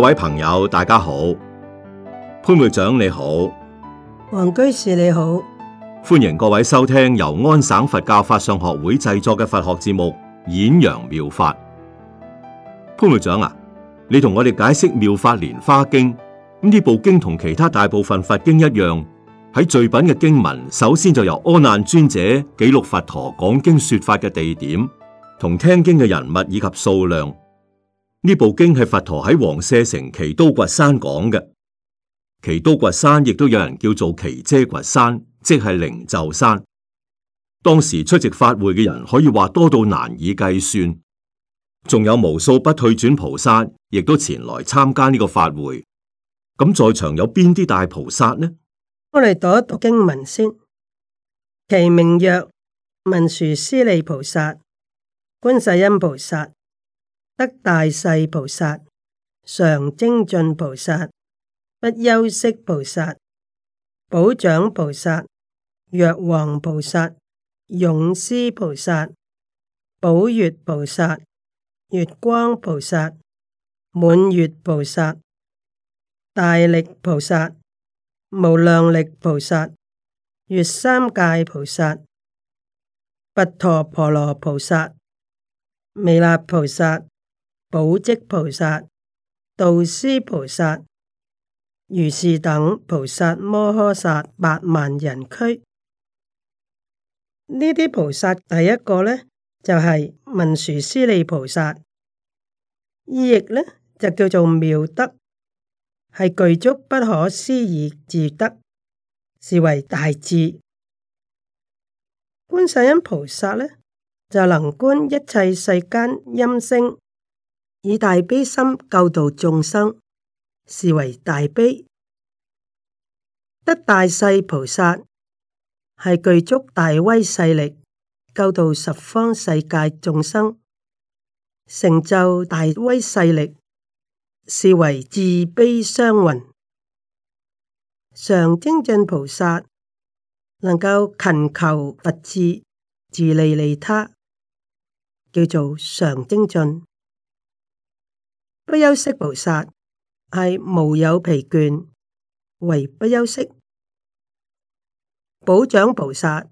各位朋友，大家好，潘會長你好，王居士你好，歡迎各位收聽由安省佛教法上學會製作嘅佛學節目《演揚妙，妙法》。潘會長啊，你同我哋解釋《妙法蓮花經》，呢部經同其他大部分佛經一樣，喺序品嘅經文，首先就由阿難尊者記錄佛陀講經說法嘅地點同聽經嘅人物以及數量。呢部經係佛陀喺王舍城奇都崛山講嘅，奇都崛山亦都有人叫做奇遮崛山，即係靈鷲山。當時出席法會嘅人可以話多到難以計算，仲有無數不退轉菩薩亦都前來參加呢個法會。咁在場有邊啲大菩薩呢？我嚟讀一讀經文先。其名曰文殊師利菩薩、觀世音菩薩。得大勢菩薩，常精進菩薩，不休息菩薩，寶掌菩薩，藥王菩薩，勇施菩薩，寶月菩薩，月光菩薩，滿月菩薩，大力菩薩，無量力菩薩，月三界菩薩，跋陀婆羅菩薩，彌勒菩薩。寶積菩薩、導師菩薩、如是等菩薩摩訶薩八萬人區。呢啲菩薩第一個呢，就係、是、文殊師利菩薩，意譯呢，就叫做妙德，係具足不可思議智德，是為大智。觀世音菩薩呢，就能觀一切世間音聲。以大悲心救度眾生，是為大悲；得大勢菩薩係具足大威勢力，救度十方世界眾生，成就大威勢力，是為自悲雙運。常精進菩薩能夠勤求佛智，自利利他，叫做常精進。不休息菩薩係無有疲倦，唯不休息。寶掌菩薩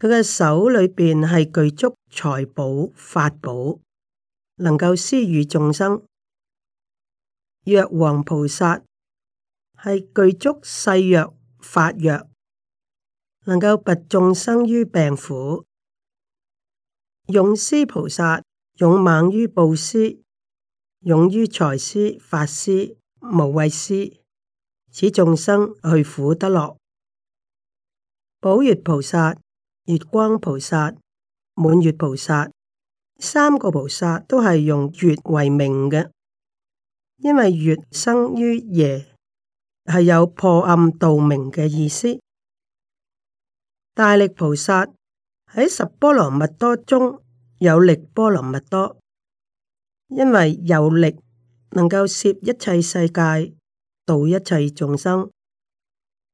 佢嘅手裏邊係具足財寶法寶，能夠施與眾生。藥王菩薩係具足細藥、法藥，能夠拔眾生於病苦。勇施菩薩勇猛於布施。勇於財施、法施、無畏施，使眾生去苦得樂。寶月菩薩、月光菩薩、滿月菩薩，三個菩薩都係用月為名嘅，因為月生於夜，係有破暗道明嘅意思。大力菩薩喺十波羅蜜多中，有力波羅蜜多。因為有力能夠攝一切世界，度一切眾生，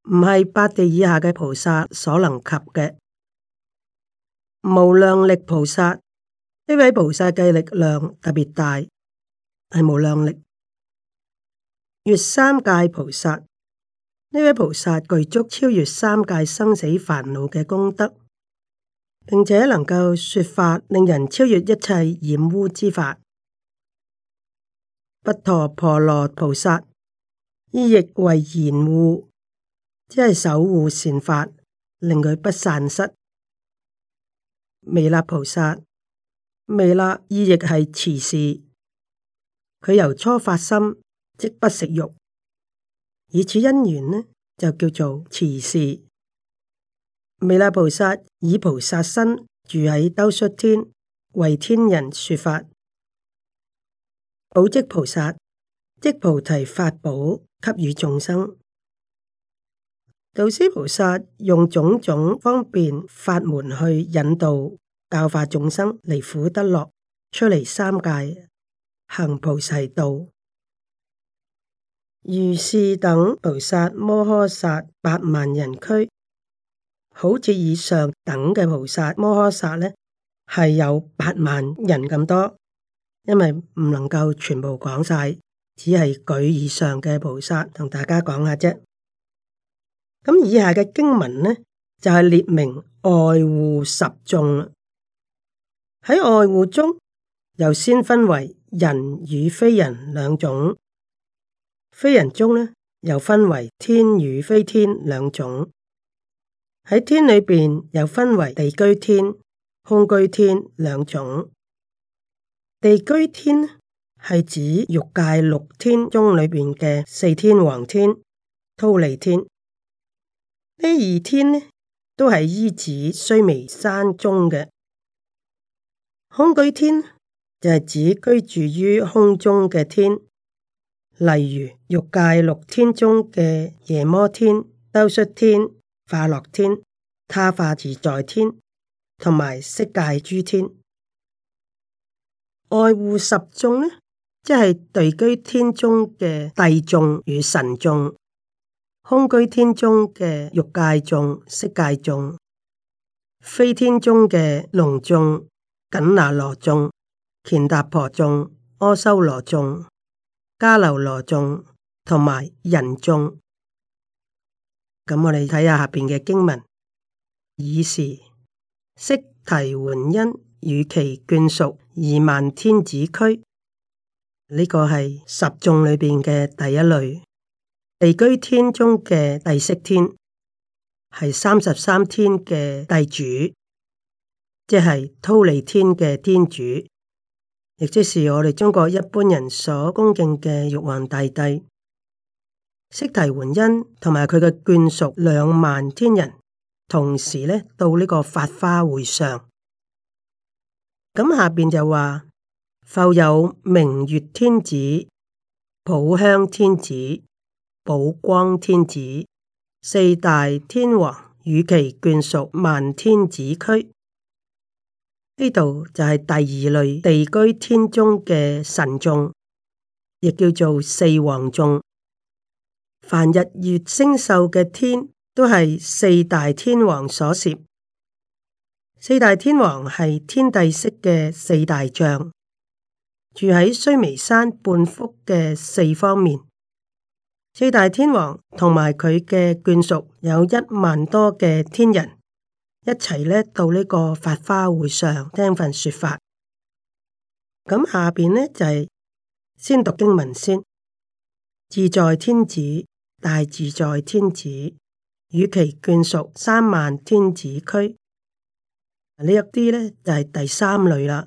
唔係八地以下嘅菩薩所能及嘅。無量力菩薩，呢位菩薩嘅力量特別大，係無量力。越三界菩薩，呢位菩薩具足超越三界生死煩惱嘅功德，並且能夠說法，令人超越一切染污之法。跋陀婆羅菩薩意譯為賢護，即係守護善法，令佢不散失。彌勒菩薩，彌勒意譯係慈氏，佢由初發心即不食肉，以此因緣呢，就叫做慈氏。彌勒菩薩以菩薩身住喺兜率天，為天人說法。寶積菩薩、積菩提法寶給予眾生，導師菩薩用種種方便法門去引導、教化眾生離苦得樂，出離三界行菩薩道。如是等菩薩摩訶薩八萬人俱，好似以上等嘅菩薩摩訶薩呢，係有八萬人咁多。因為唔能夠全部講晒，只係舉以上嘅菩薩同大家講下啫。咁以下嘅經文呢，就係列明愛護十眾啦。喺愛護中，又先分為人與非人兩種。非人中呢，又分為天與非天兩種。喺天裏邊，又分為地居天、空居天兩種。地居天係指欲界六天中裏邊嘅四天王天、忉利天，呢二天呢都係依止須彌山中嘅。空居天就係指居住於空中嘅天，例如欲界六天中嘅夜摩天、兜率天、化樂天、他化自在天，同埋色界諸天。愛護十眾呢，即係地居天中嘅帝眾與神眾，空居天中嘅欲界眾、色界眾，非天中嘅龍眾、緊拿羅眾、乾達婆眾、阿修羅眾、迦樓羅眾，同埋人眾。咁我哋睇下下邊嘅經文，爾時釋提桓因。」與其眷屬二萬天子俱，呢、這個係十眾裏邊嘅第一類，地居天中嘅帝釋天，係三十三天嘅帝主，即係忉利天嘅天主，亦即是我哋中國一般人所恭敬嘅玉皇大帝，帝，釋提桓因，同埋佢嘅眷屬兩萬天人，同時呢，到呢個法花會上。咁下邊就話，復有明月天子、普香天子、寶光天子四大天王與其眷屬萬天子區，呢度就係第二類地居天中嘅神眾，亦叫做四王眾。凡日月星宿嘅天，都係四大天王所攝。四大天王係天帝釋嘅四大將，住喺須彌山半幅嘅四方面。四大天王同埋佢嘅眷屬有一萬多嘅天人，一齊呢到呢個法華會上聽份說法。咁下邊呢就係、是、先讀經文先。自在天子，大自在天子與其眷屬三萬天子俱。呢一啲咧就係第三類啦，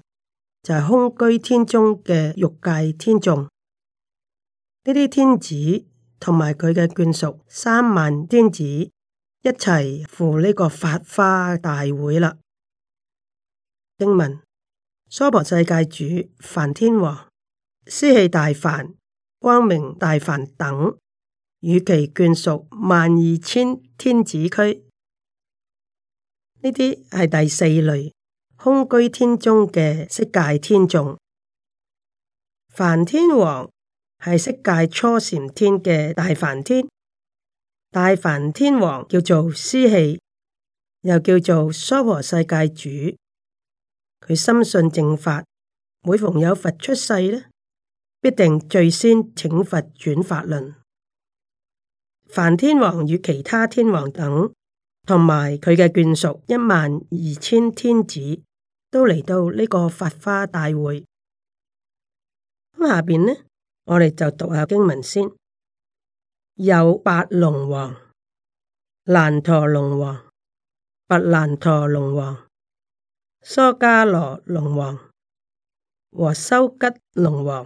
就係空居天中嘅欲界天眾，呢啲天子同埋佢嘅眷屬三萬天子一齊赴呢個法華大會啦。經文：娑婆世界主梵天王、尸棄大梵、光明大梵等，與其眷屬萬二千天子俱。呢啲係第四類空居天中嘅色界天眾，梵天王係色界初禪天嘅大梵天，大梵天王叫做尸棄，又叫做娑婆世界主。佢深信正法，每逢有佛出世呢，必定最先請佛轉法輪。梵天王與其他天王等。同埋佢嘅眷屬一萬二千天子都嚟到呢個法花大會。咁下邊呢，我哋就讀下經文先。有八龍王、難陀龍王、跋難陀龍王、娑伽羅龍王和修吉龍王、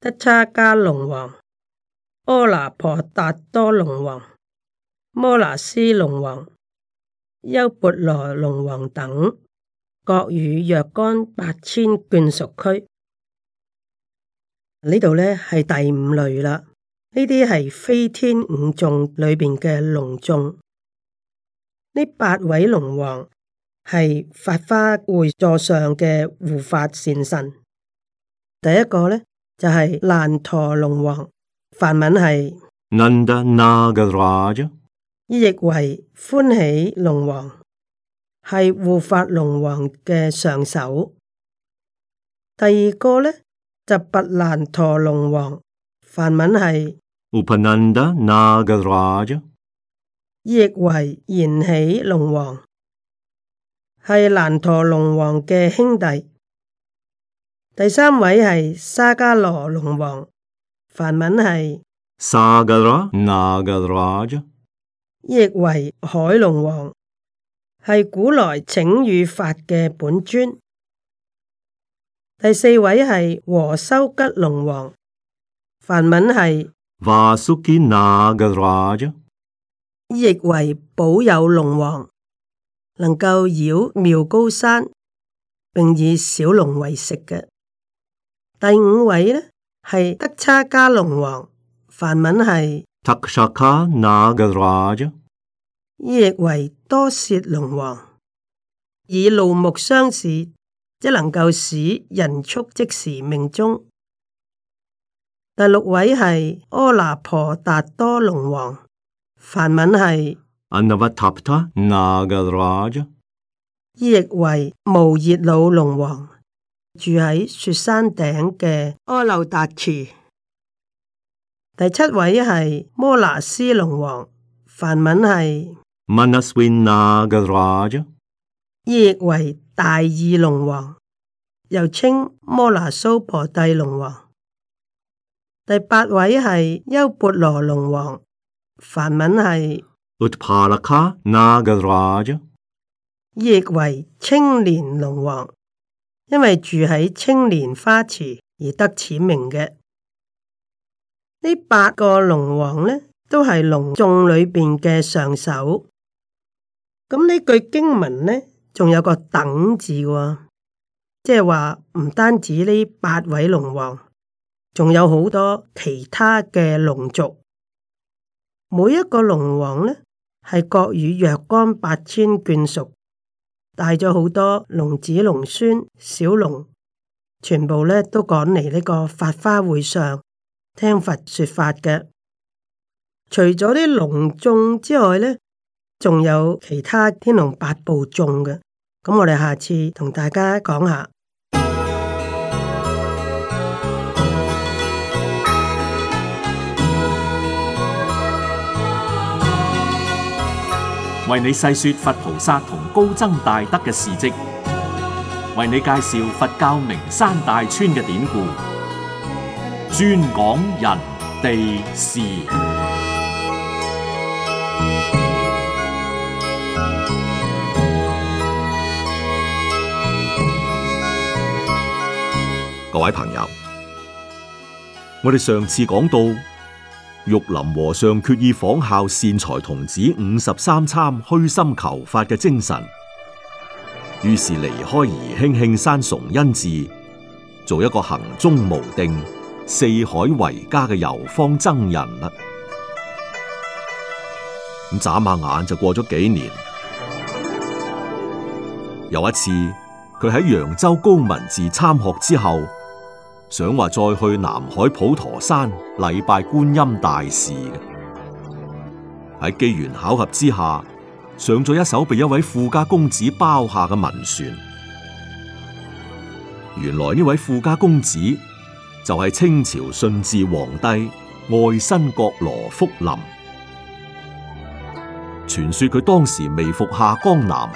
德叉迦龍王、阿那婆達多龍王。摩那斯龍王、優鉢羅龍王等，各與若干八千眷屬俱。呢度呢係第五類啦，呢啲係飛天五眾裏邊嘅龍眾。呢八位龍王係法華會座上嘅護法善神。第一個呢就係、是、難陀龍王，梵文係。亦為歡喜龍王，係護法龍王嘅上首。第二個咧就跋難陀龍王，梵文係 Upananda Nagaraja，亦為延喜龍王，係難陀龍王嘅兄弟。第三位係沙加羅龍王，梵文係 Sagara Nagaraja。亦為海龍王，係古來請雨法嘅本尊。第四位係和修吉龍王，梵文係，亦為保佑龍王，能夠繞妙高山，並以小龍為食嘅。第五位呢係德差加龍王，梵文係。伊亦為多舌龍王，以怒目相視，即能夠使人畜即時命中。第六位係阿那婆達多龍王，梵文係 a n a v 那迦羅，亦為無熱老龍王，住喺雪山頂嘅阿耨達池。第七位係摩那斯龍王，梵文係，亦為大義龍王，又稱摩那蘇婆帝龍王。第八位係優缽羅龍王，梵文係，亦為青年龍王，因為住喺青年花池而得此名嘅。呢八個龍王呢，都係龍眾裏邊嘅上首。咁呢句經文呢，仲有個等字哦，即係話唔單止呢八位龍王，仲有好多其他嘅龍族。每一個龍王呢，係各與若干八千眷屬，帶咗好多龍子龍孫、小龍，全部呢都趕嚟呢個法花會上。聽佛說法嘅，除咗啲龍眾之外咧，仲有其他天龍八部眾嘅。咁我哋下次同大家講下，為你細說佛菩薩同高僧大德嘅事跡，為你介紹佛教名山大川嘅典故。專講人地事，各位朋友，我哋上次講到，玉林和尚決意仿效善財童子五十三參虛心求法嘅精神，於是離開宜興磬山崇恩寺，做一個行蹤無定。四海為家嘅遊方僧人啦，咁眨下眼就過咗幾年。有一次，佢喺揚州高旻寺參學之後，想話再去南海普陀山禮拜觀音大士嘅。喺機緣巧合之下，上咗一艘被一位富家公子包下嘅文船。原來呢位富家公子。就係清朝順治皇帝愛新覺羅福臨，傳說佢當時微服下江南，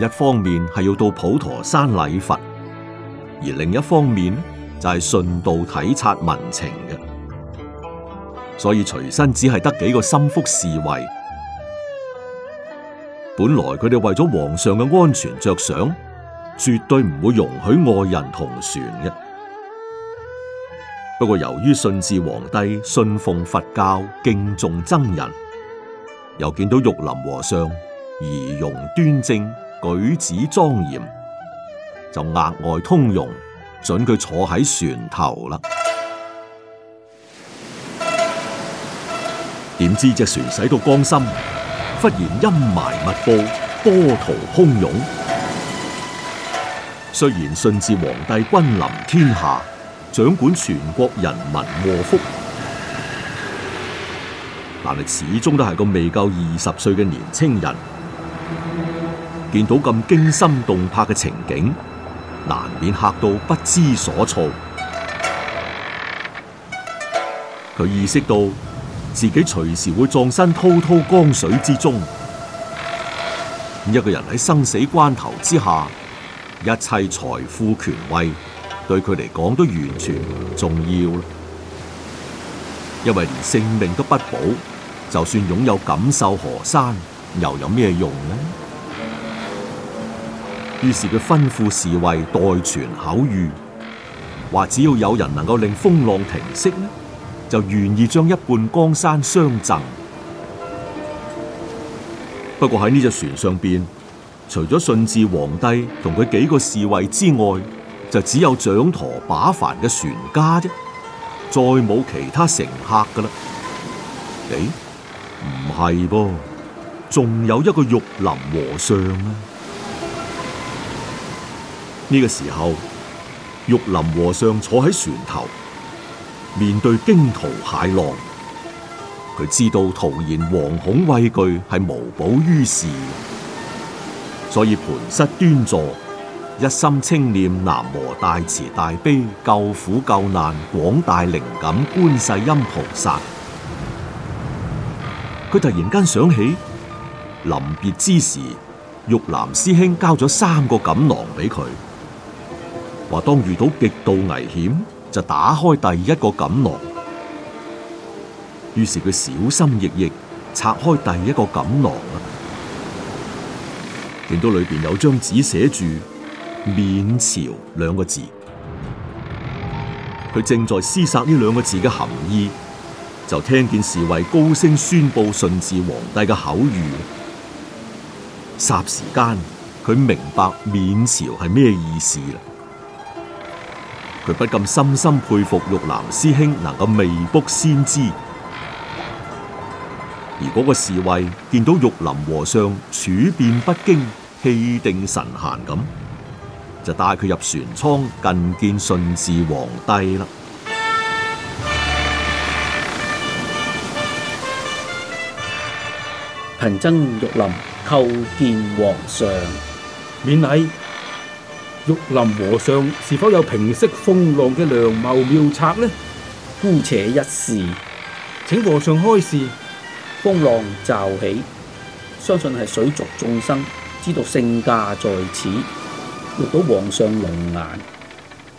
一方面係要到普陀山禮佛，而另一方面就係順道體察民情嘅，所以隨身只係得幾個心腹侍衛。本來佢哋為咗皇上嘅安全着想，絕對唔會容許外人同船嘅。不過由於順治皇帝信奉佛教，敬重僧人，又見到玉林和尚儀容端正，舉止莊嚴，就額外通融，准佢坐喺船頭啦。點知隻船駛到江心，忽然陰霾密布，波濤洶湧。雖然順治皇帝君臨天下，掌管全國人民禍福，但係始終都係個未夠二十歲嘅年青人，見到咁驚心動魄嘅情景，難免嚇到不知所措。佢意識到自己隨時會葬身滔滔江水之中。一個人喺生死關頭之下，一切財富、權威，對佢嚟講都完全唔重要啦，因為連性命都不保，就算擁有錦繡河山，又有咩用呢？於是佢吩咐侍衛代傳口諭，話只要有人能夠令風浪停息呢，就願意將一半江山相贈。不過喺呢隻船上邊，除咗順治皇帝同佢幾個侍衛之外，就只有掌舵把帆嘅船家啫，再冇其他乘客噶啦。誒、唔係噃，仲有一個玉林和尚啊！呢個時候，玉林和尚坐喺船頭，面對驚濤駭浪，佢知道徒然惶恐畏懼係無補於事，所以盤膝端坐。一心清念南無大慈大悲救苦救難廣大靈感觀世音菩薩。佢突然間想起臨別之時，玉林師兄交咗三個錦囊俾佢，話當遇到極度危險就打開第一個錦囊。於是佢小心翼翼拆開第一個錦囊啊，見到裏邊有張紙寫住。“免朝”兩個字，佢正在思索呢兩個字嘅含義，就聽見侍衛高聲宣布順治皇帝嘅口諭。霎時間，佢明白“免朝”係咩意思啦。佢不禁深深佩服玉林師兄能夠未卜先知。而果個侍衛見到玉林和尚處變不驚、氣定神閑咁。就帶佢入船艙覲見順治皇帝啦。貧僧玉林叩見皇上，免禮。玉林和尚是否有平息風浪嘅良謀妙策呢？姑且一試，請和尚開示。風浪驟起，相信係水族眾生知道聖駕在此。得到皇上龍顏，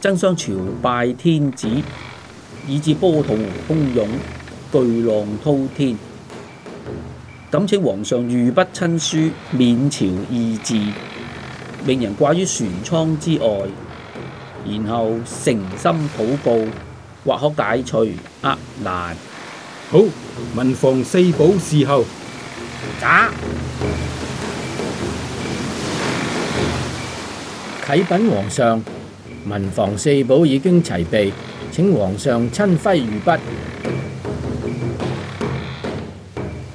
爭相朝拜天子，以至波濤洶湧，巨浪滔天。敢請皇上御筆親書，免朝二字，令人掛於船艙之外，然後誠心禱告，或可解除厄難。好，文房四寶伺候。啟稟皇上，文房四寶已經齊備，請皇上親揮御筆，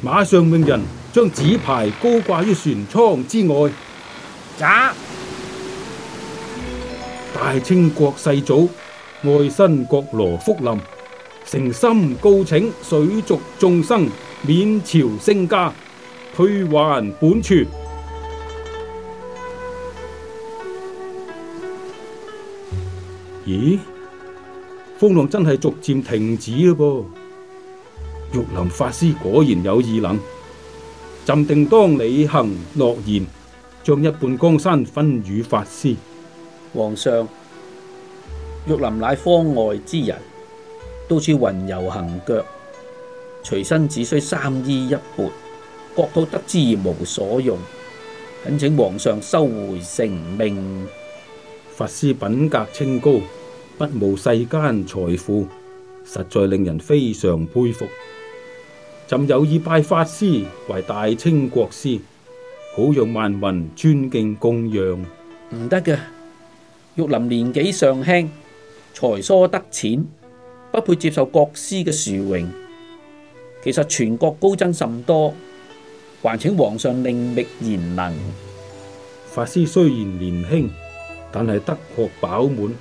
馬上命人將紙牌高掛於船艙之外。喳咋！大清國世祖愛新覺羅福臨，誠心告請水族眾生，免朝聖駕，退還本處。咦，風浪真係逐漸停止嘞噃！玉林法師果然有異能。朕定當履行諾言，將一半江山分與法師。皇上，玉林乃方外之人，到處雲遊行腳，隨身只需三衣一鉢，國土得之無所用。懇請皇上收回成命。法師品格清高，不慕世間財富，實在令人非常佩服。朕有意拜法師為大清國師，好讓萬民尊敬供養。唔得嘅，玉林年紀尚輕，才疏德淺，不配接受國師嘅殊榮。其實全國高僧甚多，還請皇上另覓賢能。法師雖然年輕，但係德學飽滿，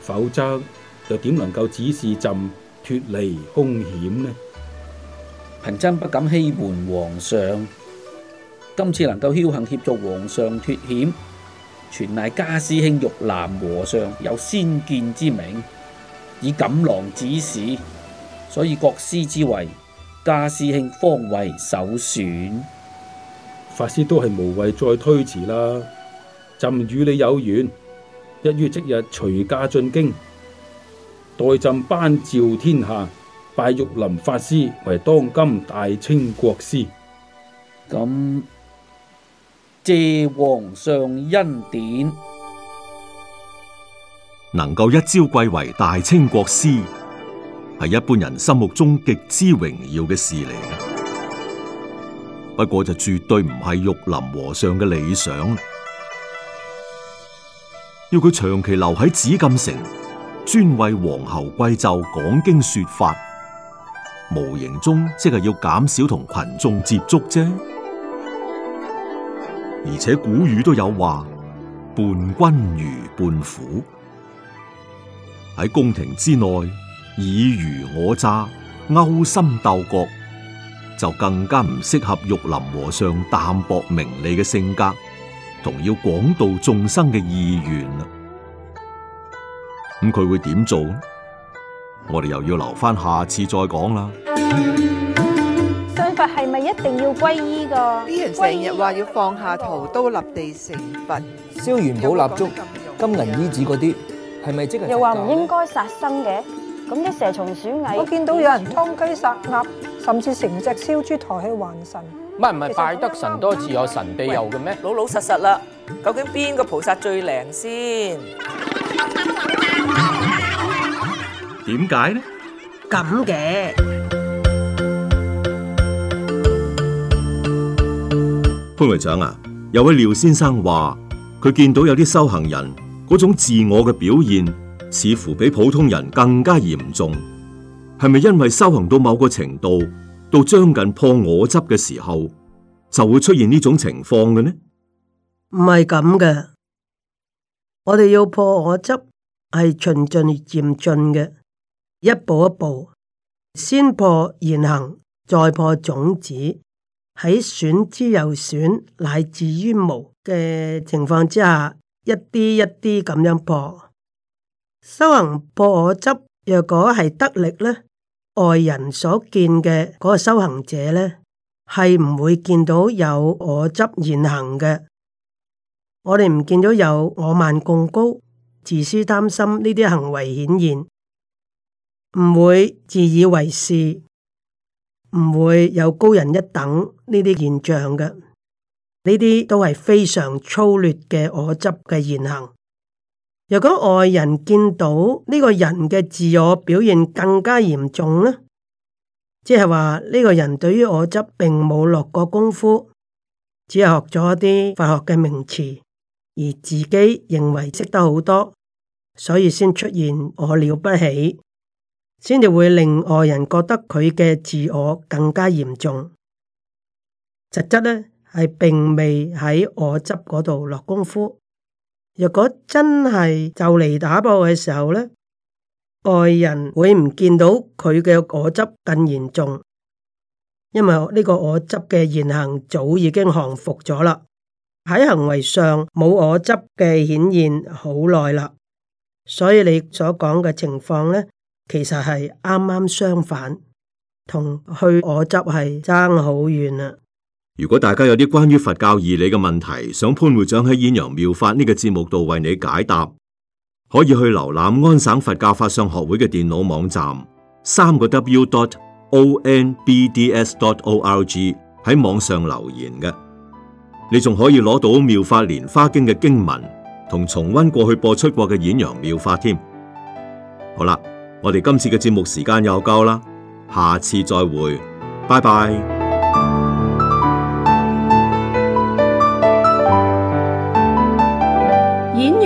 否則又點能夠指示朕脫離兇險呢？貧僧不敢欺瞞皇上，今次能夠僥倖協助皇上脫險，全賴家師兄玉林和尚有先見之明，以錦囊指示，所以國師之位，家師兄方為首選。法師都係無謂再推辭啦，朕與你有緣。一於即日隨駕進京，待朕頒詔天下，拜玉林法師為當今大清國師。咁謝皇上恩典，能夠一朝貴為大清國師，係一般人心目中極，極之榮耀嘅事嚟。不過就絕對唔係玉林和尚嘅理想。要佢長期留喺紫禁城，專為皇后貴胄講經說法，無形中即係要減少同群眾接觸啫。而且古語都有話：伴君如伴虎。喺宮廷之內，爾虞我詐、勾心鬥角，就更加唔適合玉林和尚淡泊名利嘅性格。同要廣度眾生嘅意願啦，咁佢會點做？我哋又要留翻下，下次再講啦。信佛係咪一定要皈依噶？啲人成日話要放下屠刀，立地成佛，燒元寶蠟燭、金銀衣紙嗰啲，係咪、嗯、即係？又話唔應該殺生嘅，咁啲蛇蟲鼠蟻，我見到有人劏雞殺鴨，甚至成隻燒豬抬去還神。乜唔係，拜得神多自有神庇佑嘅咩？老老實實啦，究竟邊個菩薩最靈先？點解呢？咁嘅潘會長啊，有位廖先生話，佢見到有啲修行人嗰種自我嘅表現，似乎比普通人更加嚴重，係咪因為修行到某個程度？到將近破我執嘅時候，就會出現呢種情況嘅呢？唔係咁嘅，我哋要破我執係循序漸進嘅，一步一步先破現行，再破種子。喺損之又損，乃至於無嘅情況之下，一啲一啲咁樣破修行破我執，若果係得力咧。外人所見嘅嗰個修行者呢，係唔會見到有我執現行嘅。我哋唔見到有我慢貢高、自私擔心呢啲行為顯現，唔會自以為是，唔會有高人一等呢啲現象嘅。呢啲都係非常粗劣嘅我執嘅現行。若果外人見到呢個人嘅自我表現更加嚴重呢，即係話呢個人對於我執並冇落過功夫，只係學咗啲佛學嘅名詞，而自己認為識得好多，所以先出現我了不起，先至會令外人覺得佢嘅自我更加嚴重。實質呢係並未喺我執嗰度落功夫。如果真係就嚟打破嘅時候呢，外人會唔見到佢嘅我執更嚴重，因為呢個我執嘅言行早已經降服咗啦，喺行為上冇我執嘅顯現好耐啦，所以你所講嘅情況呢，其實係啱啱相反，同去我執係爭好遠啦。如果大家有啲關於佛教義理嘅問題，想潘會長喺《演揚妙法》呢個節目度為你解答，可以去瀏覽安省佛教法相學會嘅電腦網站，三個 w.dot.onbds.dot.org 喺網上留言嘅。你仲可以攞到《妙法蓮花經》嘅經文同重溫過去播出過嘅《演揚妙法》添。好啦，我哋今次嘅節目時間又夠啦，下次再會，拜拜。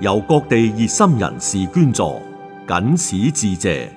由各地熱心人士捐助，謹此致謝。